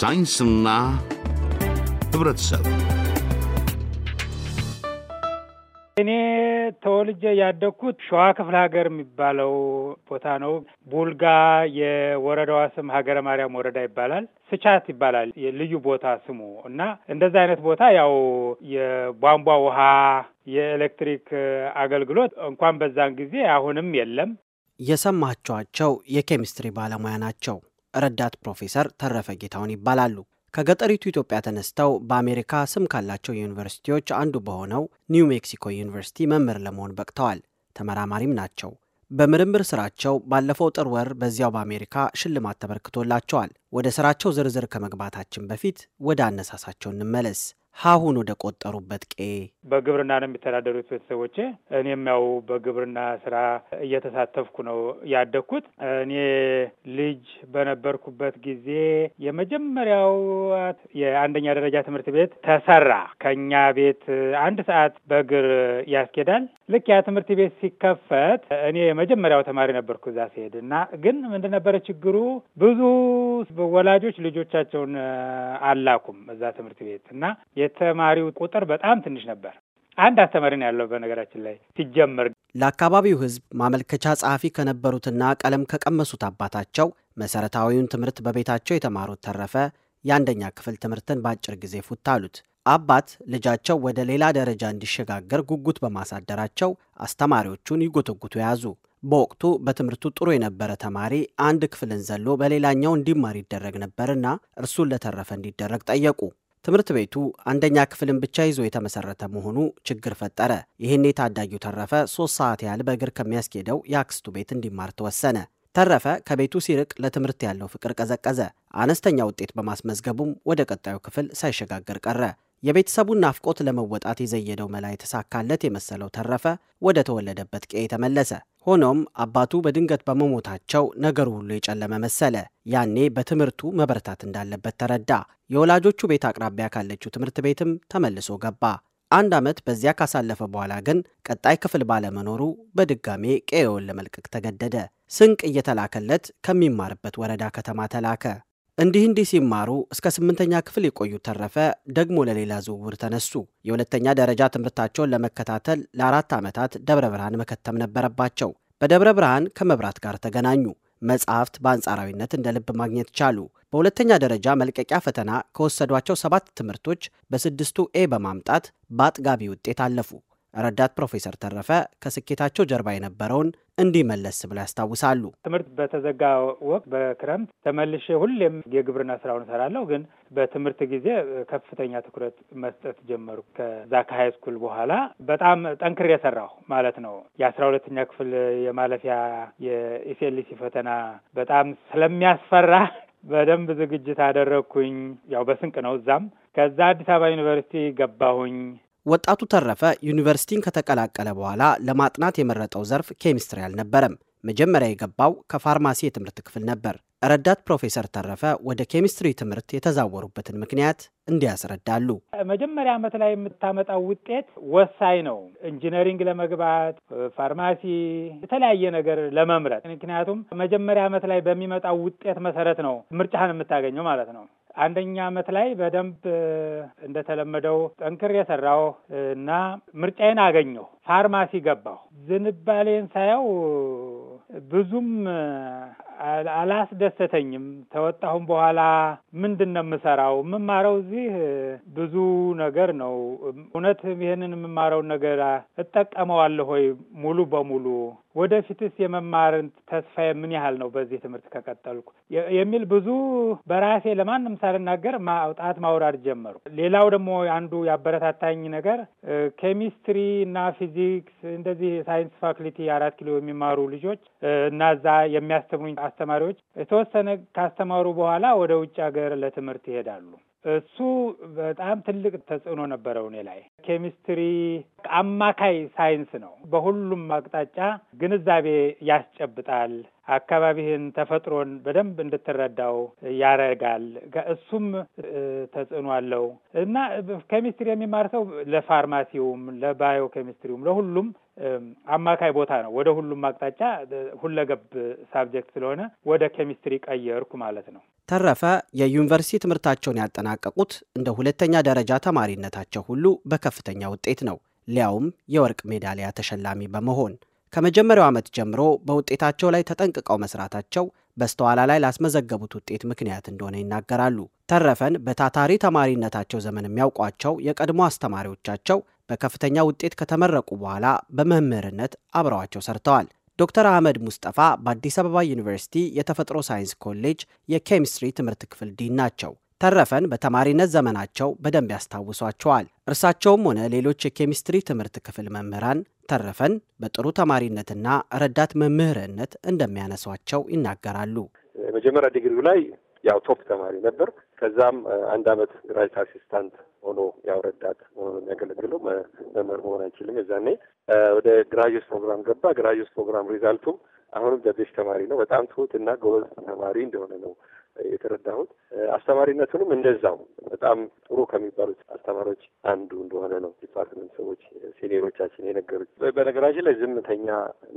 ሳይንስና ህብረተሰብ እኔ ተወልጄ ያደግኩት ሸዋ ክፍለ ሀገር የሚባለው ቦታ ነው። ቡልጋ የወረዳዋ ስም ሀገረ ማርያም ወረዳ ይባላል። ስቻት ይባላል የልዩ ቦታ ስሙ እና እንደዛ አይነት ቦታ ያው የቧንቧ ውሃ የኤሌክትሪክ አገልግሎት እንኳን በዛን ጊዜ አሁንም የለም። የሰማችኋቸው የኬሚስትሪ ባለሙያ ናቸው። ረዳት ፕሮፌሰር ተረፈ ጌታውን ይባላሉ። ከገጠሪቱ ኢትዮጵያ ተነስተው በአሜሪካ ስም ካላቸው ዩኒቨርሲቲዎች አንዱ በሆነው ኒው ሜክሲኮ ዩኒቨርሲቲ መምህር ለመሆን በቅተዋል። ተመራማሪም ናቸው። በምርምር ስራቸው ባለፈው ጥር ወር በዚያው በአሜሪካ ሽልማት ተበርክቶላቸዋል። ወደ ስራቸው ዝርዝር ከመግባታችን በፊት ወደ አነሳሳቸው እንመለስ። ሀሁን ወደ ቆጠሩበት ቄ በግብርና ነው የሚተዳደሩት ቤተሰቦቼ። እኔም ያው በግብርና ስራ እየተሳተፍኩ ነው ያደግኩት። እኔ ልጅ በነበርኩበት ጊዜ የመጀመሪያው የአንደኛ ደረጃ ትምህርት ቤት ተሰራ። ከኛ ቤት አንድ ሰዓት በእግር ያስኬዳል። ልክ ያ ትምህርት ቤት ሲከፈት እኔ የመጀመሪያው ተማሪ ነበርኩ እዛ ሲሄድ እና ግን ምንድን ችግሩ ብዙ ወላጆች ልጆቻቸውን አላኩም እዛ ትምህርት ቤት እና የተማሪው ቁጥር በጣም ትንሽ ነበር። አንድ አስተማሪን ያለው በነገራችን ላይ ሲጀመር ለአካባቢው ሕዝብ ማመልከቻ ጸሐፊ ከነበሩትና ቀለም ከቀመሱት አባታቸው መሰረታዊውን ትምህርት በቤታቸው የተማሩት ተረፈ የአንደኛ ክፍል ትምህርትን በአጭር ጊዜ ፉት አሉት። አባት ልጃቸው ወደ ሌላ ደረጃ እንዲሸጋገር ጉጉት በማሳደራቸው አስተማሪዎቹን ይጎተጉቱ ያዙ። በወቅቱ በትምህርቱ ጥሩ የነበረ ተማሪ አንድ ክፍልን ዘሎ በሌላኛው እንዲማር ይደረግ ነበርና እርሱን ለተረፈ እንዲደረግ ጠየቁ። ትምህርት ቤቱ አንደኛ ክፍልን ብቻ ይዞ የተመሰረተ መሆኑ ችግር ፈጠረ። ይህኔ ታዳጊው ተረፈ ሶስት ሰዓት ያህል በእግር ከሚያስኬደው የአክስቱ ቤት እንዲማር ተወሰነ። ተረፈ ከቤቱ ሲርቅ ለትምህርት ያለው ፍቅር ቀዘቀዘ። አነስተኛ ውጤት በማስመዝገቡም ወደ ቀጣዩ ክፍል ሳይሸጋገር ቀረ። የቤተሰቡን ናፍቆት ለመወጣት የዘየደው መላ የተሳካለት የመሰለው ተረፈ ወደ ተወለደበት ቀዬ ተመለሰ። ሆኖም አባቱ በድንገት በመሞታቸው ነገሩ ሁሉ የጨለመ መሰለ። ያኔ በትምህርቱ መበረታት እንዳለበት ተረዳ። የወላጆቹ ቤት አቅራቢያ ካለችው ትምህርት ቤትም ተመልሶ ገባ። አንድ ዓመት በዚያ ካሳለፈ በኋላ ግን ቀጣይ ክፍል ባለመኖሩ በድጋሜ ቀዬውን ለመልቀቅ ተገደደ። ስንቅ እየተላከለት ከሚማርበት ወረዳ ከተማ ተላከ። እንዲህ እንዲህ ሲማሩ እስከ ስምንተኛ ክፍል የቆዩ ተረፈ ደግሞ ለሌላ ዝውውር ተነሱ። የሁለተኛ ደረጃ ትምህርታቸውን ለመከታተል ለአራት ዓመታት ደብረ ብርሃን መከተም ነበረባቸው። በደብረ ብርሃን ከመብራት ጋር ተገናኙ። መጽሐፍት በአንጻራዊነት እንደ ልብ ማግኘት ቻሉ። በሁለተኛ ደረጃ መልቀቂያ ፈተና ከወሰዷቸው ሰባት ትምህርቶች በስድስቱ ኤ በማምጣት በአጥጋቢ ውጤት አለፉ። ረዳት ፕሮፌሰር ተረፈ ከስኬታቸው ጀርባ የነበረውን እንዲመለስ ብለ ብለው ያስታውሳሉ። ትምህርት በተዘጋ ወቅት በክረምት ተመልሼ ሁሌም የግብርና ስራውን እሰራለሁ፣ ግን በትምህርት ጊዜ ከፍተኛ ትኩረት መስጠት ጀመሩ። ከዛ ከሀይ ስኩል በኋላ በጣም ጠንክሬ የሰራሁ ማለት ነው። የአስራ ሁለተኛ ክፍል የማለፊያ የኢሲኤልሲ ፈተና በጣም ስለሚያስፈራ በደንብ ዝግጅት አደረግኩኝ። ያው በስንቅ ነው እዛም። ከዛ አዲስ አበባ ዩኒቨርሲቲ ገባሁኝ። ወጣቱ ተረፈ ዩኒቨርሲቲን ከተቀላቀለ በኋላ ለማጥናት የመረጠው ዘርፍ ኬሚስትሪ አልነበረም። መጀመሪያ የገባው ከፋርማሲ የትምህርት ክፍል ነበር። ረዳት ፕሮፌሰር ተረፈ ወደ ኬሚስትሪ ትምህርት የተዛወሩበትን ምክንያት እንዲያስረዳሉ። መጀመሪያ ዓመት ላይ የምታመጣው ውጤት ወሳኝ ነው፣ ኢንጂነሪንግ ለመግባት ፋርማሲ፣ የተለያየ ነገር ለመምረጥ። ምክንያቱም መጀመሪያ ዓመት ላይ በሚመጣው ውጤት መሰረት ነው ምርጫህን የምታገኘው ማለት ነው። አንደኛ ዓመት ላይ በደንብ እንደተለመደው ጠንክር የሰራው እና ምርጫዬን አገኘሁ። ፋርማሲ ገባሁ። ዝንባሌን ሳየው ብዙም አላስደሰተኝም። ተወጣሁም በኋላ ምንድን ነው የምሰራው? የምማረው እዚህ ብዙ ነገር ነው። እውነት ይህንን የምማረውን ነገር እጠቀመዋለሁ ሆይ ሙሉ በሙሉ ወደፊትስ የመማርን ተስፋዬ ምን ያህል ነው በዚህ ትምህርት ከቀጠልኩ የሚል ብዙ በራሴ ለማንም ሳልናገር ማውጣት ማውራድ ጀመሩ። ሌላው ደግሞ አንዱ ያበረታታኝ ነገር ኬሚስትሪ እና ፊዚክስ እንደዚህ ሳይንስ ፋክሊቲ አራት ኪሎ የሚማሩ ልጆች እና እዛ የሚያስተምሩኝ አስተማሪዎች የተወሰነ ካስተማሩ በኋላ ወደ ውጭ ሀገር ለትምህርት ይሄዳሉ። እሱ በጣም ትልቅ ተጽዕኖ ነበረው እኔ ላይ። ኬሚስትሪ አማካይ ሳይንስ ነው። በሁሉም አቅጣጫ ግንዛቤ ያስጨብጣል። አካባቢህን፣ ተፈጥሮን በደንብ እንድትረዳው ያረጋል። እሱም ተጽዕኖ አለው እና ኬሚስትሪ የሚማር ሰው ለፋርማሲውም፣ ለባዮ ኬሚስትሪውም ለሁሉም አማካይ ቦታ ነው። ወደ ሁሉም አቅጣጫ ሁለገብ ሳብጀክት ስለሆነ ወደ ኬሚስትሪ ቀየርኩ ማለት ነው። ተረፈ የዩኒቨርሲቲ ትምህርታቸውን ያጠናቀቁት እንደ ሁለተኛ ደረጃ ተማሪነታቸው ሁሉ በከ ከፍተኛ ውጤት ነው። ሊያውም የወርቅ ሜዳሊያ ተሸላሚ በመሆን ከመጀመሪያው ዓመት ጀምሮ በውጤታቸው ላይ ተጠንቅቀው መስራታቸው በስተኋላ ላይ ላስመዘገቡት ውጤት ምክንያት እንደሆነ ይናገራሉ። ተረፈን በታታሪ ተማሪነታቸው ዘመን የሚያውቋቸው የቀድሞ አስተማሪዎቻቸው በከፍተኛ ውጤት ከተመረቁ በኋላ በመምህርነት አብረዋቸው ሰርተዋል። ዶክተር አህመድ ሙስጠፋ በአዲስ አበባ ዩኒቨርሲቲ የተፈጥሮ ሳይንስ ኮሌጅ የኬሚስትሪ ትምህርት ክፍል ዲን ናቸው። ተረፈን በተማሪነት ዘመናቸው በደንብ ያስታውሷቸዋል። እርሳቸውም ሆነ ሌሎች የኬሚስትሪ ትምህርት ክፍል መምህራን ተረፈን በጥሩ ተማሪነትና ረዳት መምህርነት እንደሚያነሷቸው ይናገራሉ። የመጀመሪያ ዲግሪው ላይ ያው ቶፕ ተማሪ ነበር። ከዛም አንድ አመት ራይት አሲስታንት ሆኖ ያው ረዳት ሆኖ የሚያገለግለው መምህር መሆን አይችልም። የዛኔ ወደ ግራጅስ ፕሮግራም ገባ። ግራጅስ ፕሮግራም ሪዛልቱም አሁንም ደብሽ ተማሪ ነው። በጣም ትሁት እና ጎበዝ ተማሪ እንደሆነ ነው የተረዳሁት። አስተማሪነቱንም እንደዛው በጣም ጥሩ ከሚባሉት አስተማሪዎች አንዱ እንደሆነ ነው ዲፓርትመንት ሰዎች ሲኒየሮቻችን የነገሩት። በነገራችን ላይ ዝምተኛ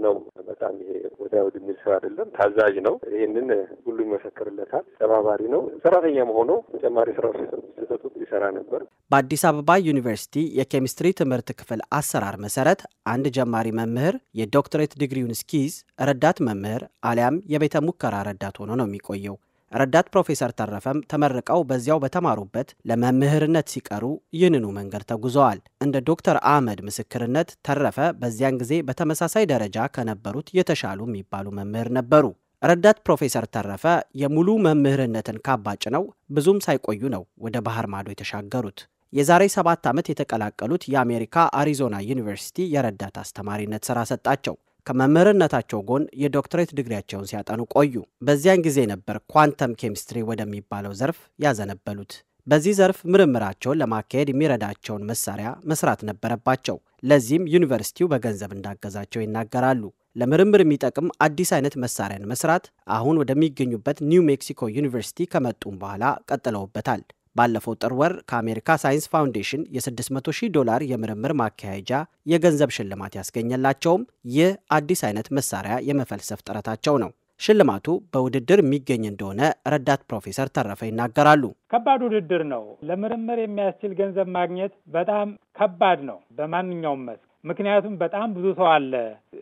ነው። በጣም ይሄ ወደ ወድ የሚል ሰው አይደለም። ታዛዥ ነው። ይህንን ሁሉ ይመሰክርለታል። ተባባሪ ነው። ሰራተኛ መሆኑ ተጨማሪ ስራ ሲሰጡት ይሰራ ነበር። በአዲስ አበባ ዩኒቨርሲቲ የኬሚስትሪ ትምህርት ክፍል አሰራር መሰረት አንድ ጀማሪ መምህር የዶክትሬት ዲግሪውን እስኪይዝ ረዳት መምህር አሊያም የቤተ ሙከራ ረዳት ሆኖ ነው የሚቆየው። ረዳት ፕሮፌሰር ተረፈም ተመርቀው በዚያው በተማሩበት ለመምህርነት ሲቀሩ ይህንኑ መንገድ ተጉዘዋል። እንደ ዶክተር አህመድ ምስክርነት ተረፈ በዚያን ጊዜ በተመሳሳይ ደረጃ ከነበሩት የተሻሉ የሚባሉ መምህር ነበሩ። ረዳት ፕሮፌሰር ተረፈ የሙሉ መምህርነትን ካባጭ ነው ብዙም ሳይቆዩ ነው ወደ ባህር ማዶ የተሻገሩት። የዛሬ ሰባት ዓመት የተቀላቀሉት የአሜሪካ አሪዞና ዩኒቨርሲቲ የረዳት አስተማሪነት ሥራ ሰጣቸው። ከመምህርነታቸው ጎን የዶክትሬት ድግሪያቸውን ሲያጠኑ ቆዩ። በዚያን ጊዜ ነበር ኳንተም ኬሚስትሪ ወደሚባለው ዘርፍ ያዘነበሉት። በዚህ ዘርፍ ምርምራቸውን ለማካሄድ የሚረዳቸውን መሳሪያ መስራት ነበረባቸው። ለዚህም ዩኒቨርሲቲው በገንዘብ እንዳገዛቸው ይናገራሉ። ለምርምር የሚጠቅም አዲስ አይነት መሳሪያን መስራት አሁን ወደሚገኙበት ኒው ሜክሲኮ ዩኒቨርሲቲ ከመጡም በኋላ ቀጥለውበታል። ባለፈው ጥር ወር ከአሜሪካ ሳይንስ ፋውንዴሽን የ600 ሺህ ዶላር የምርምር ማካሄጃ የገንዘብ ሽልማት ያስገኘላቸውም ይህ አዲስ አይነት መሳሪያ የመፈልሰፍ ጥረታቸው ነው። ሽልማቱ በውድድር የሚገኝ እንደሆነ ረዳት ፕሮፌሰር ተረፈ ይናገራሉ። ከባድ ውድድር ነው። ለምርምር የሚያስችል ገንዘብ ማግኘት በጣም ከባድ ነው በማንኛውም መስክ። ምክንያቱም በጣም ብዙ ሰው አለ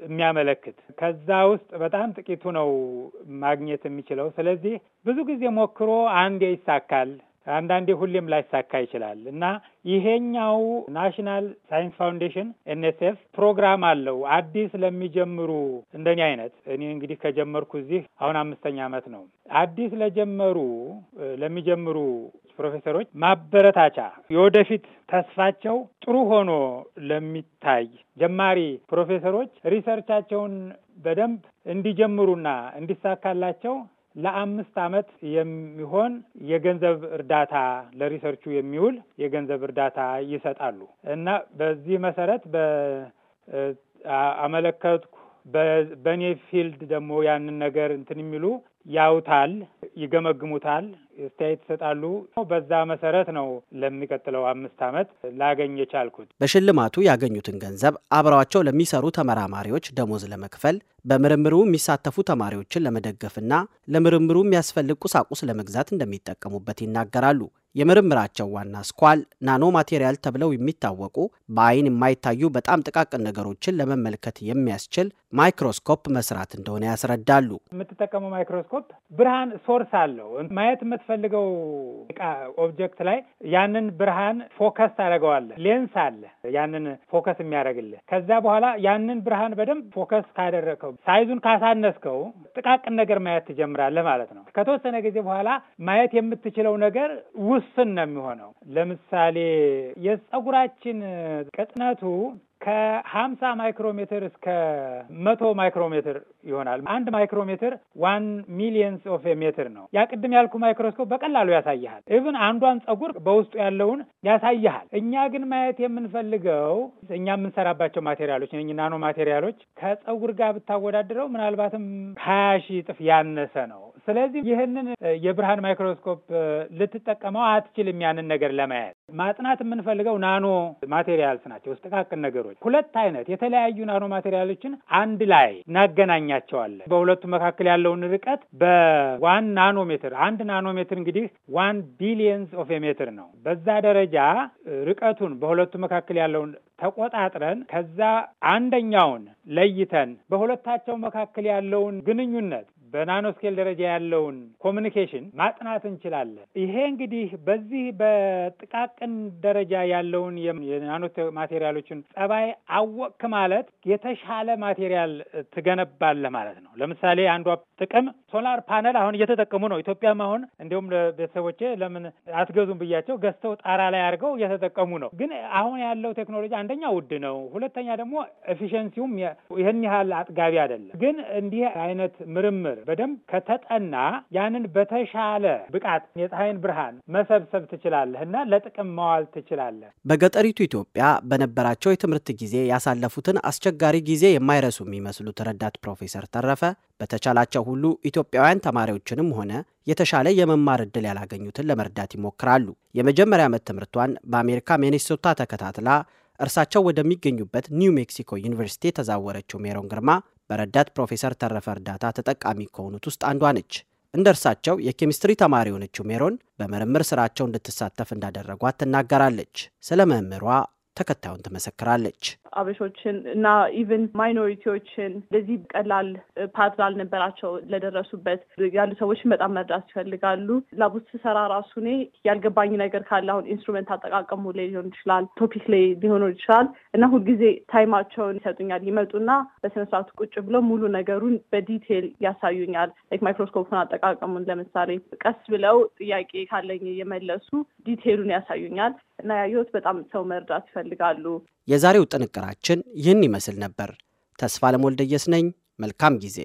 የሚያመለክት፣ ከዛ ውስጥ በጣም ጥቂቱ ነው ማግኘት የሚችለው። ስለዚህ ብዙ ጊዜ ሞክሮ አንዴ ይሳካል፣ አንዳንዴ ሁሌም ላይሳካ ይችላል እና ይሄኛው ናሽናል ሳይንስ ፋውንዴሽን ኤን ኤስ ኤፍ ፕሮግራም አለው አዲስ ለሚጀምሩ እንደኔ አይነት እኔ እንግዲህ ከጀመርኩ እዚህ አሁን አምስተኛ ዓመት ነው። አዲስ ለጀመሩ ለሚጀምሩ ፕሮፌሰሮች ማበረታቻ የወደፊት ተስፋቸው ጥሩ ሆኖ ለሚታይ ጀማሪ ፕሮፌሰሮች ሪሰርቻቸውን በደንብ እንዲጀምሩና እንዲሳካላቸው ለአምስት ዓመት የሚሆን የገንዘብ እርዳታ ለሪሰርቹ የሚውል የገንዘብ እርዳታ ይሰጣሉ እና በዚህ መሰረት አመለከትኩ በእኔ ፊልድ ደግሞ ያንን ነገር እንትን የሚሉ ያውታል፣ ይገመግሙታል፣ አስተያየት ይሰጣሉ። በዛ መሰረት ነው ለሚቀጥለው አምስት ዓመት ላገኝ የቻልኩት። በሽልማቱ ያገኙትን ገንዘብ አብረዋቸው ለሚሰሩ ተመራማሪዎች ደሞዝ ለመክፈል በምርምሩ የሚሳተፉ ተማሪዎችን ለመደገፍና ለምርምሩ የሚያስፈልግ ቁሳቁስ ለመግዛት እንደሚጠቀሙበት ይናገራሉ። የምርምራቸው ዋና ስኳል ናኖ ማቴሪያል ተብለው የሚታወቁ በአይን የማይታዩ በጣም ጥቃቅን ነገሮችን ለመመልከት የሚያስችል ማይክሮስኮፕ መስራት እንደሆነ ያስረዳሉ። የምትጠቀመው ማይክሮስኮፕ ብርሃን ሶርስ አለው። ማየት የምትፈልገው እቃ ኦብጀክት ላይ ያንን ብርሃን ፎከስ ታደርገዋለህ። ሌንስ አለ ያንን ፎከስ የሚያደርግልህ። ከዛ በኋላ ያንን ብርሃን በደንብ ፎከስ ካደረግከው፣ ሳይዙን ካሳነስከው፣ ጥቃቅን ነገር ማየት ትጀምራለህ ማለት ነው። ከተወሰነ ጊዜ በኋላ ማየት የምትችለው ነገር ውስን ነው የሚሆነው። ለምሳሌ የፀጉራችን ቅጥነቱ ከሀምሳ ማይክሮሜትር እስከ መቶ ማይክሮሜትር ይሆናል። አንድ ማይክሮሜትር ዋን ሚሊየንስ ኦፍ ሜትር ነው። ያ ቅድም ያልኩ ማይክሮስኮፕ በቀላሉ ያሳይሃል። ኢቭን አንዷን ጸጉር በውስጡ ያለውን ያሳይሃል። እኛ ግን ማየት የምንፈልገው እኛ የምንሰራባቸው ማቴሪያሎች ናኖ ማቴሪያሎች ከጸጉር ጋር ብታወዳድረው ምናልባትም ሀያ ሺህ እጥፍ ያነሰ ነው ስለዚህ ይህንን የብርሃን ማይክሮስኮፕ ልትጠቀመው አትችልም። ያንን ነገር ለማየት ማጥናት የምንፈልገው ናኖ ማቴሪያልስ ናቸው፣ ጥቃቅን ነገሮች። ሁለት አይነት የተለያዩ ናኖ ማቴሪያሎችን አንድ ላይ እናገናኛቸዋለን። በሁለቱ መካከል ያለውን ርቀት በዋን ናኖ ሜትር፣ አንድ ናኖ ሜትር እንግዲህ ዋን ቢሊየንስ ኦፍ ሜትር ነው። በዛ ደረጃ ርቀቱን በሁለቱ መካከል ያለውን ተቆጣጥረን ከዛ አንደኛውን ለይተን በሁለታቸው መካከል ያለውን ግንኙነት በናኖስኬል ደረጃ ያለውን ኮሚኒኬሽን ማጥናት እንችላለን። ይሄ እንግዲህ በዚህ በጥቃቅን ደረጃ ያለውን የናኖ ማቴሪያሎችን ጸባይ አወቅክ ማለት የተሻለ ማቴሪያል ትገነባለህ ማለት ነው። ለምሳሌ አንዷ ጥቅም ሶላር ፓነል አሁን እየተጠቀሙ ነው። ኢትዮጵያም አሁን እንዲሁም ለቤተሰቦቼ ለምን አትገዙም ብያቸው ገዝተው ጣራ ላይ አድርገው እየተጠቀሙ ነው። ግን አሁን ያለው ቴክኖሎጂ አንደኛ ውድ ነው፣ ሁለተኛ ደግሞ ኤፊሽንሲውም ይህን ያህል አጥጋቢ አይደለም። ግን እንዲህ አይነት ምርምር በደንብ ከተጠና ያንን በተሻለ ብቃት የፀሐይን ብርሃን መሰብሰብ ትችላለህ እና ለጥቅም መዋል ትችላለህ። በገጠሪቱ ኢትዮጵያ በነበራቸው የትምህርት ጊዜ ያሳለፉትን አስቸጋሪ ጊዜ የማይረሱ የሚመስሉት ረዳት ፕሮፌሰር ተረፈ በተቻላቸው ሁሉ ኢትዮጵያውያን ተማሪዎችንም ሆነ የተሻለ የመማር እድል ያላገኙትን ለመርዳት ይሞክራሉ። የመጀመሪያ ዓመት ትምህርቷን በአሜሪካ ሜኔሶታ ተከታትላ እርሳቸው ወደሚገኙበት ኒው ሜክሲኮ ዩኒቨርሲቲ የተዛወረችው ሜሮን ግርማ በረዳት ፕሮፌሰር ተረፈ እርዳታ ተጠቃሚ ከሆኑት ውስጥ አንዷ ነች። እንደ እርሳቸው የኬሚስትሪ ተማሪ የሆነችው ሜሮን በምርምር ስራቸው እንድትሳተፍ እንዳደረጓት ትናገራለች። ስለ መምህሯ ተከታዩን ትመሰክራለች። አበሾችን እና ኢቨን ማይኖሪቲዎችን እንደዚህ ቀላል ፓት ላልነበራቸው ለደረሱበት ያሉ ሰዎችን በጣም መርዳት ይፈልጋሉ። ላቡት ስሰራ ራሱ እኔ ያልገባኝ ነገር ካለ አሁን ኢንስትሩመንት አጠቃቀሙ ላይ ሊሆን ይችላል፣ ቶፒክ ላይ ሊሆኑ ይችላል እና ሁልጊዜ ታይማቸውን ይሰጡኛል። ይመጡና በስነስርዓቱ ቁጭ ብለው ሙሉ ነገሩን በዲቴይል ያሳዩኛል። ላይክ ማይክሮስኮፕን አጠቃቀሙን ለምሳሌ ቀስ ብለው ጥያቄ ካለኝ እየመለሱ ዲቴይሉን ያሳዩኛል እና ያየሁት በጣም ሰው መርዳት ይፈልጋሉ። የዛሬው ጥንቅራችን ይህን ይመስል ነበር። ተስፋ ለሞልደየስ ነኝ። መልካም ጊዜ